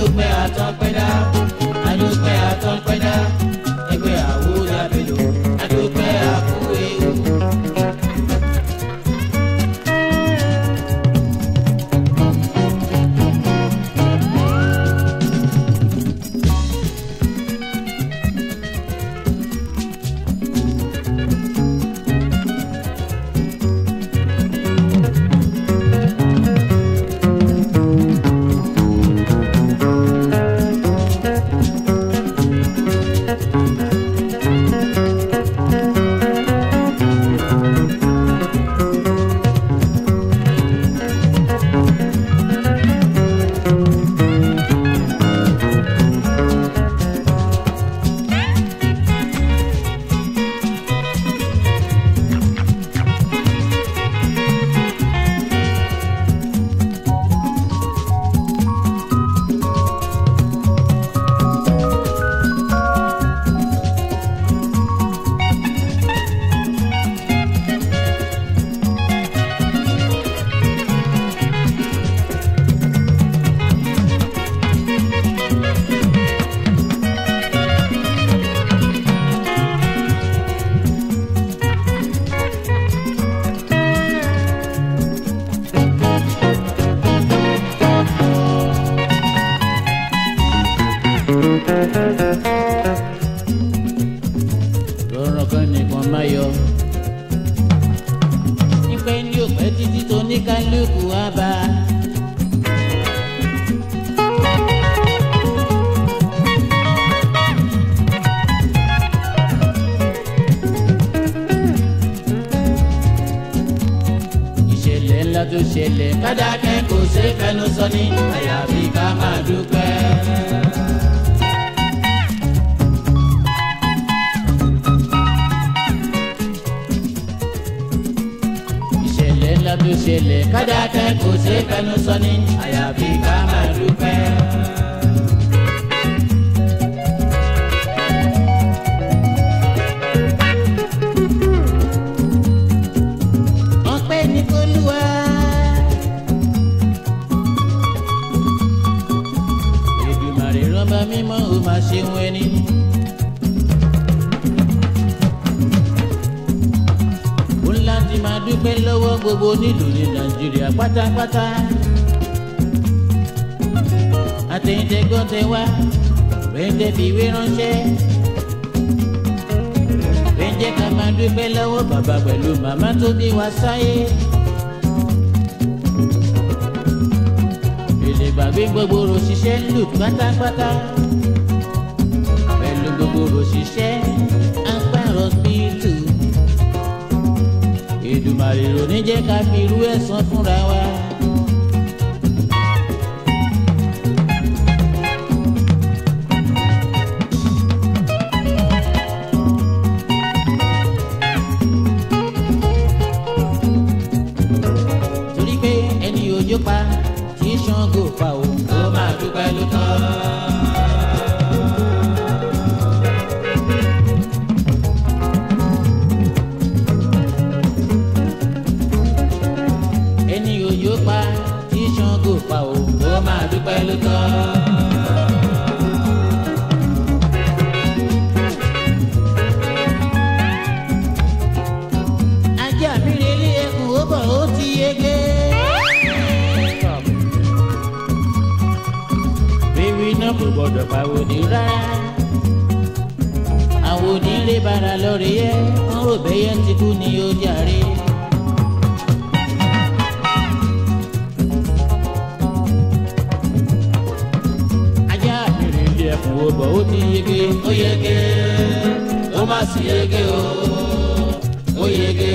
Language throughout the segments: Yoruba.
look me, I talk Ṣàngó pa o. ó máa dúpẹ́ ló tán. ẹni òyò pa tí Ṣàngó pa o. ó máa dúpẹ́ ló tán. gbọ́dọ̀ pa wòní rárá àwọn onílé bára lọ́rẹ̀ yẹ wọ́n rò bẹ́yẹ ti kú ni ó jàre. ajá àbẹ̀rẹ̀ ilé ẹ̀kún wo bọ̀ ó ti yege ó yege ó má sì yege o ó yege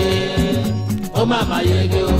ó má má yege o.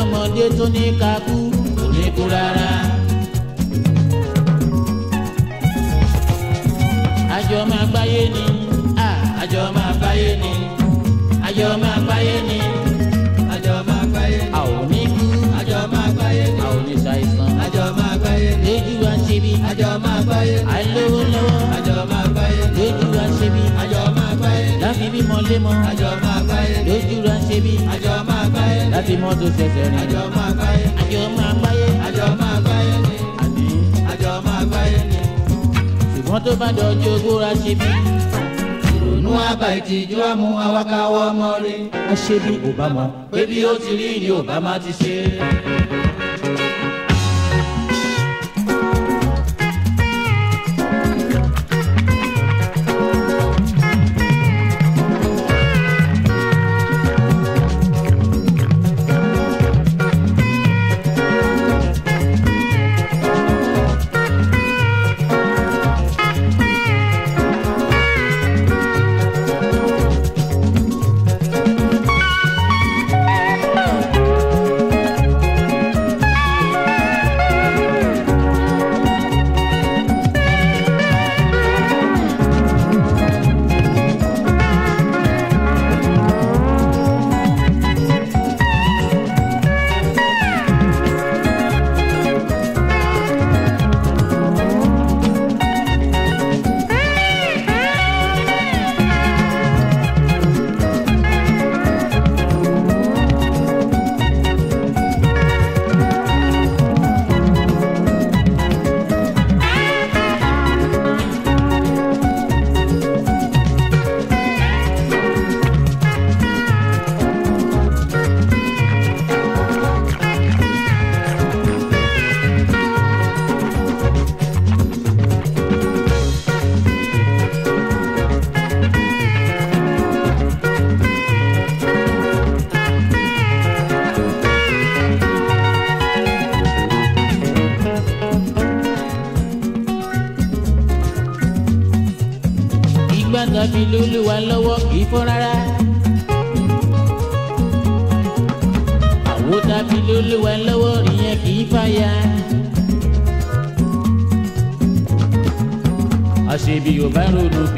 lọ́mọdé tó ní kakú kò lè kú rárá. àjọ máa gbáyé ni àjọ máa gbáyé ni àjọ máa gbáyé ni àjọ máa gbáyé ni. a ò ní kú àjọ máa gbáyé ni a ò ní ṣàìsàn àjọ máa gbáyé ni lójú wa ṣe bí àjọ máa gbáyé ni àìlówó lọ́wọ́ àjọ máa gbáyé ni lójú wa ṣe bí àjọ máa gbáyé ni láfi bímọ lémọ àjọ máa gbáyé ni lójú wa ṣe bí àjọ tí mọ́tò ṣẹ̀ṣẹ̀ rìn. àjọ máa gbáyé. àjọ máa gbáyé. àjọ máa gbáyé ni. àní. àjọ máa gbáyé ni. ṣùgbọ́n tó bá dọjọ́ ogúnra ṣe bí. ìrònú àbá ìtìjú àmú awakawọ ọmọ rẹ. a ṣe bí Obama. pé bí ó ti rí ni Obama ti ṣe é.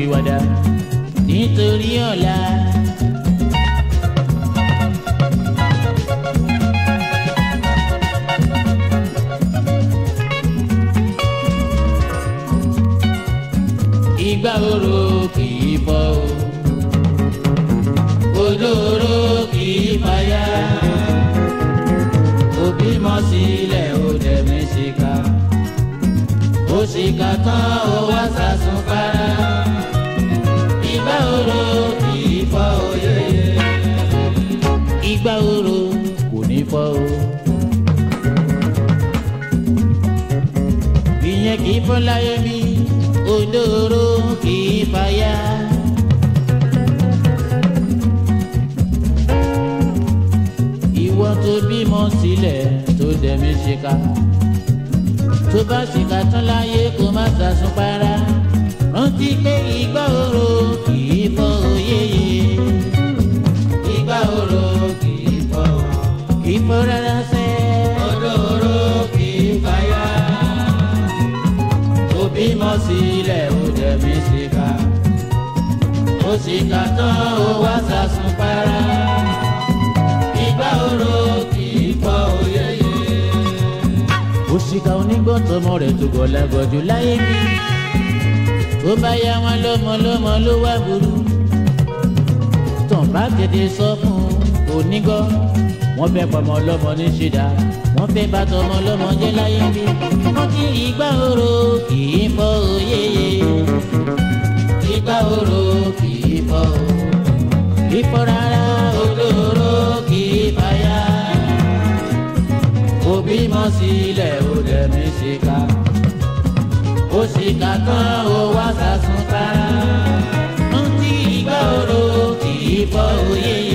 fi wàdà nítorí ọ̀la. fọláyé mi odòrò kì í fàyà. ìwọ tó bímọ sílẹ̀ tó dẹ̀mí ṣìkà tó bá ṣìkà tán láyé kó má sàsún para rántí pé ìgbà oró kì í fọ òye yìí ìgbà oró kì fọ òye. ó ti kà tán ó wá sàsùn para. ìgbà oró kì í pọ̀ òyeye. òṣìkà onígbọ̀ntọ́mọ rẹ̀ tó gọ̀lágọ̀jù láyé mi. tó bá yá wọn lọ́mọ lọ́mọ ló wá burú. tàn bá kéde sọ fún onígọ́ wọ́n fẹ́ pọmọ lọ́mọ ní ṣídà wọ́n fẹ́ bá tọmọ lọ́mọ jẹ́ láyé mi. wọ́n ti ìgbà bímọ sílẹ̀ ó dẹ̀ mí ṣìkà ó ṣìkà kan ó wá sàsùn ń tí ìgbà oró kì í bọ́ òye yẹn.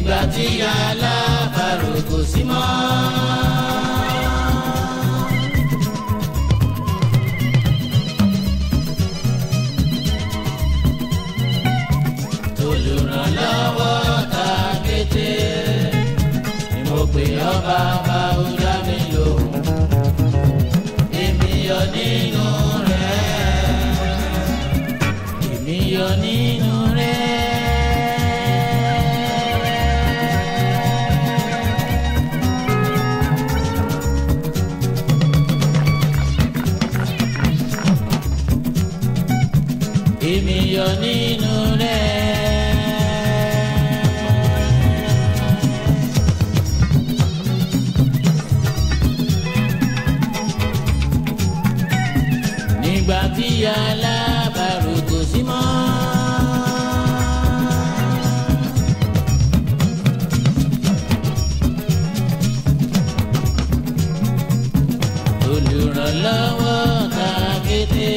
ìgbà tí aláfàrò kò sí mọ́. lọ́wọ́ tàkété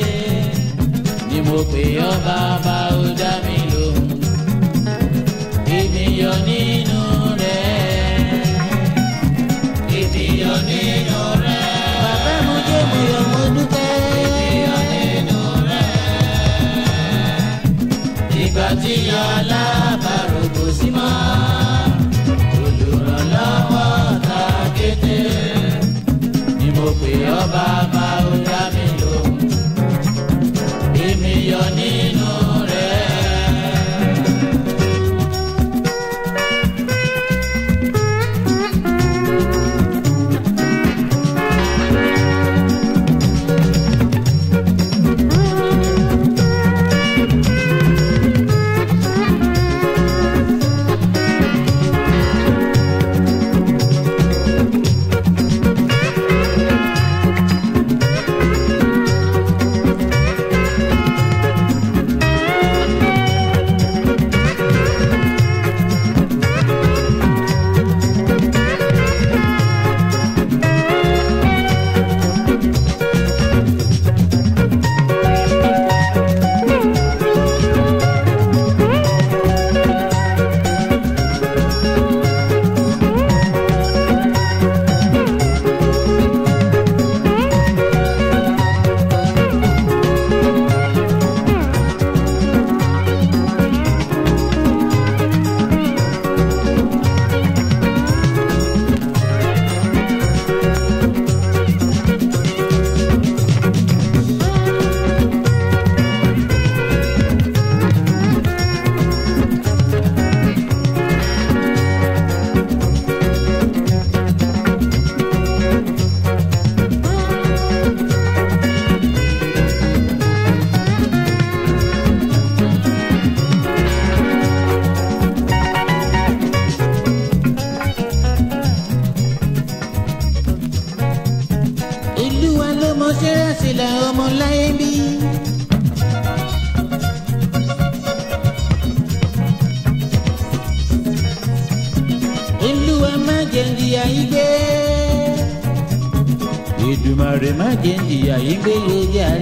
ni mo pè ọ́ bàbá ó dá mi lóhùn ènìyàn nínú rẹ̀ ènìyàn nínú rẹ̀ bàbá mo jẹ́ mo yọ mo dúpẹ́ ènìyàn nínú rẹ̀ ìgbà tí yọ èèyàn bàbá o. ọmọláyébí. olúwa má jẹ́ n jìyà yìí gbé. Èdùmàrè jẹ́ n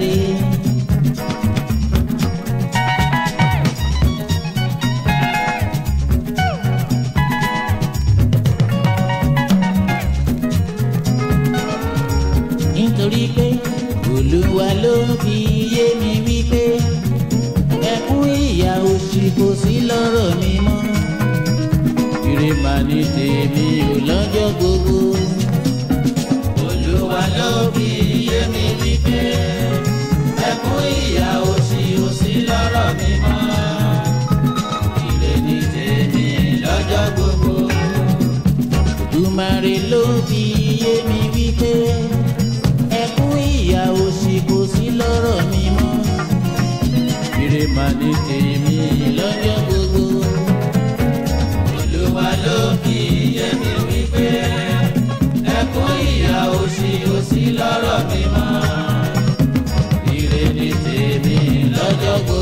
má ní tèmi lọ́jọ́ gbogbo. Olúwa ló fi yé mi wípé ẹkún ìyà òṣì òṣì lọ́rọ̀ mi mọ́. Ire ní tèmi lọ́jọ́ gbogbo.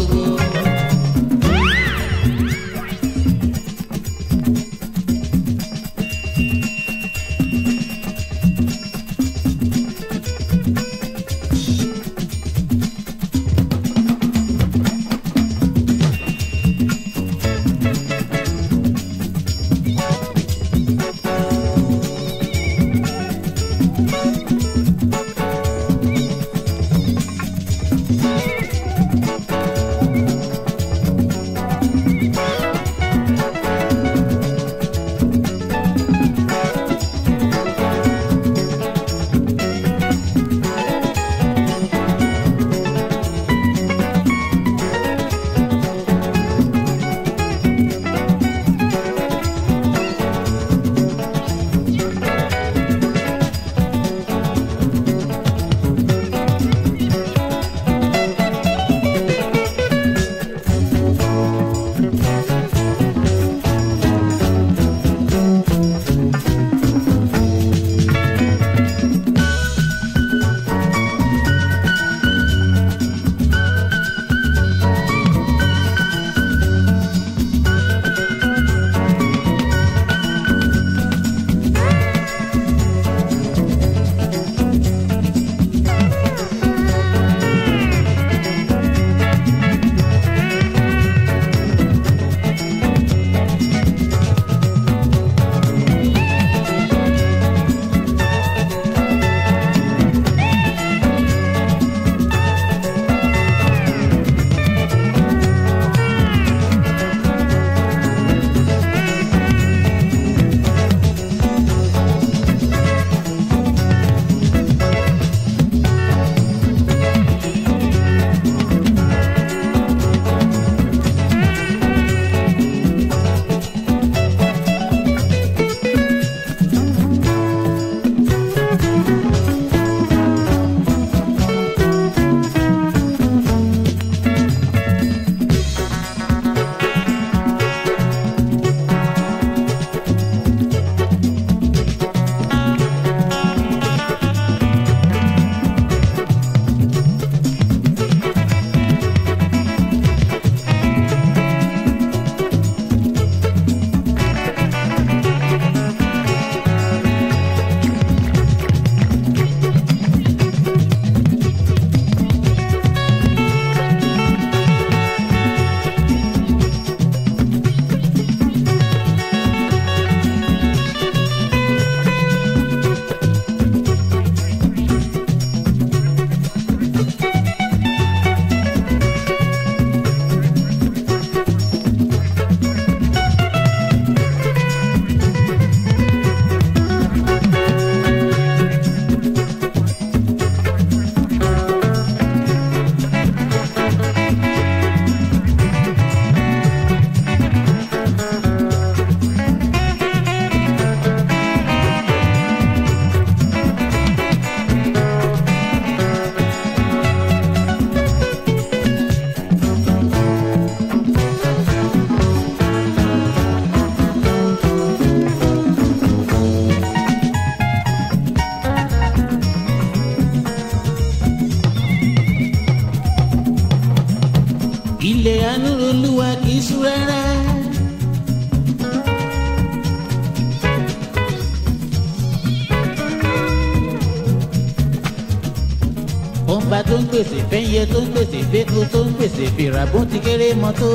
pèsè fìràbó ti kéré mọ́tò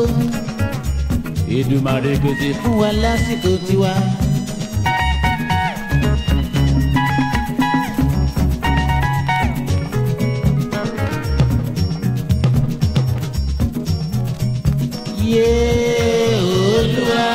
Èdùmàrè pèsè fún wa lásìkò tiwa. oh. olúwa.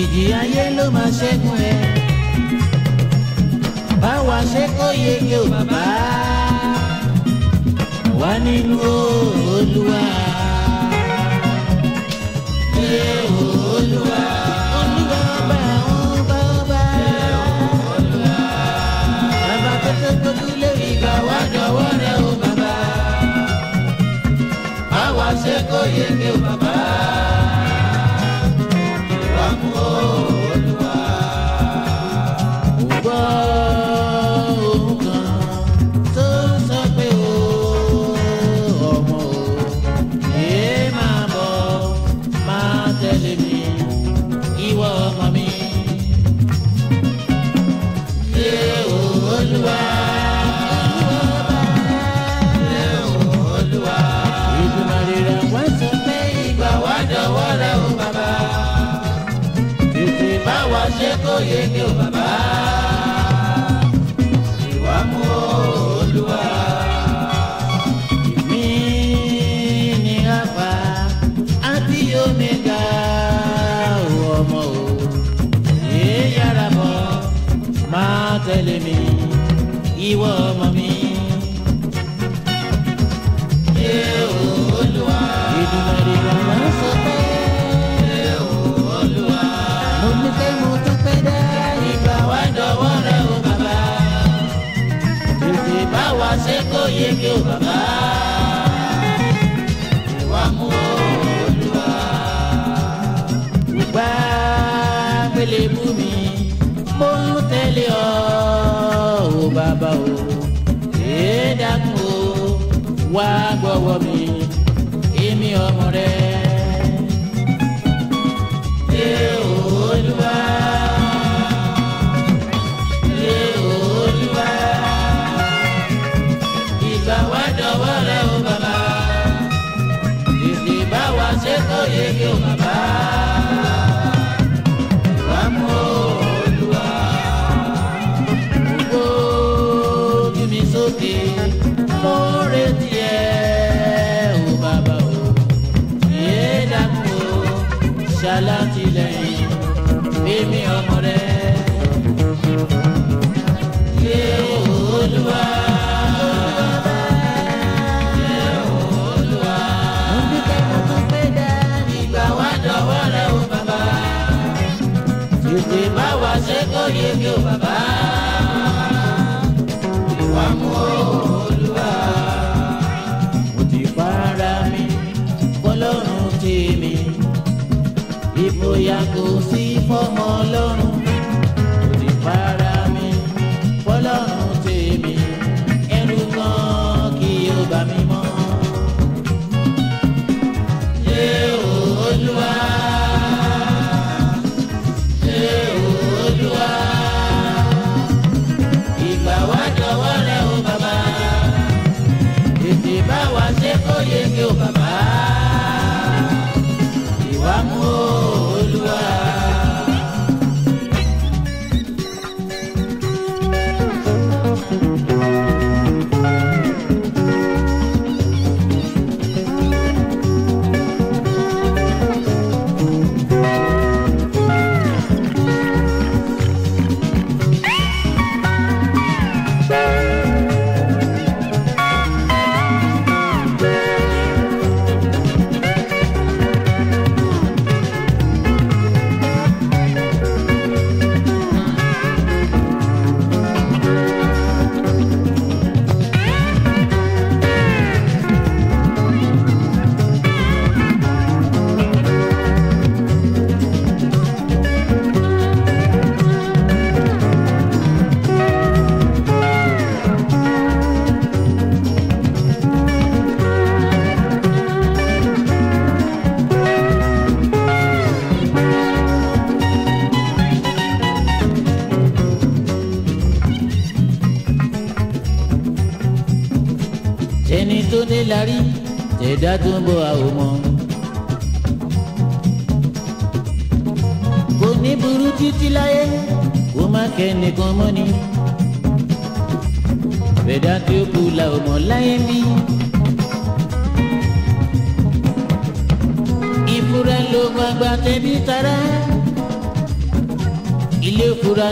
ìjì ayé ló máa ṣẹ́gun ẹ. báwa ṣe kó yege o bàbá wá nínú olúwa. ṣé olúwa. ṣe kó yege o bàbá. sonho o bàbá. Ìwà mú olúwa. Ìgbà gbélé mú mi, mo ń tẹ̀lé ọ o bàbá o. Èé dákun o, wá gbọ́wọ́ mi. kó yé mi ò bàbá wà mú olúwa. mo mi fọlọ́run tèmi ìbòyà kò sí fọmọ ọlọ́run.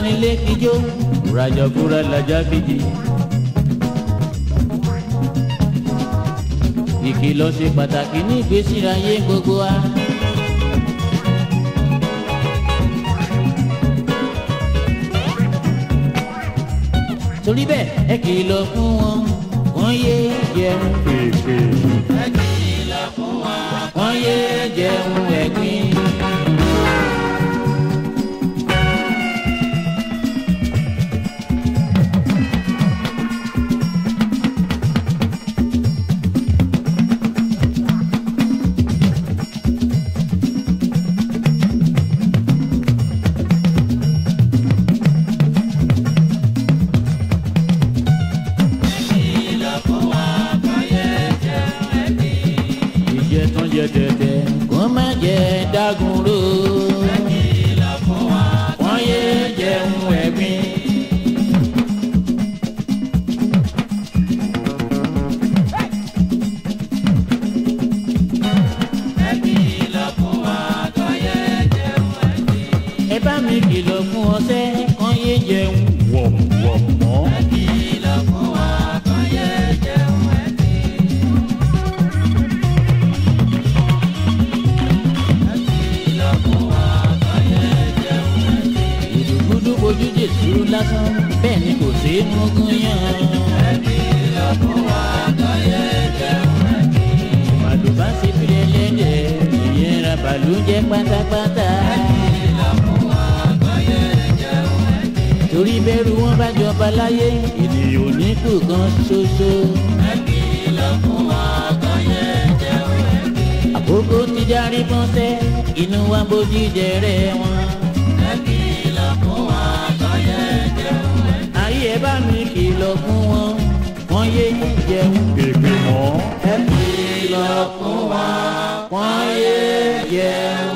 nílé níjó ràjàkúra làjà bìjì. ìkìlọ̀ ṣe pàtàkì ní ìgbésí ayé gbogbo wa. torí bẹ́ẹ̀ ẹ kìlọ̀ fún wọn wọ́n yé jẹun. ẹ kìlọ̀ fún wọn wọ́n yé jẹun ẹ̀gbin. yẹ ń wọ̀ wọ̀ mọ́. àkìlọ̀ fún wa kan yẹ jẹun ẹ̀sìn. àkìlọ̀ fún wa kan yẹ jẹun ẹ̀sìn. ìdùgbùdù ojú jésù lásán bẹ́ẹ̀ ni kò sí mọ́gún yàn. àkìlọ̀ fún sí fìlẹ̀ lẹ́dẹ̀ẹ́ ìyẹn ra bàlújẹ́ pátápátá. bẹ́rù wọn bá jọba láyé ènìyàn ò ní kù kan ṣoṣo. ẹbí lọkùn ọkàn yẹn jẹ́ òwe. àkókò ti járí bọ́sẹ̀ inú wa bójú jẹrẹ wọn. ẹbí lọkùn ọkàn yẹn jẹ́ òwe. ayé ẹ bá mi kìlọ̀ fún wọn wọ́n yé jẹun. gbègbè mọ́. ẹbí lọkùn wa wọ́n yé jẹun.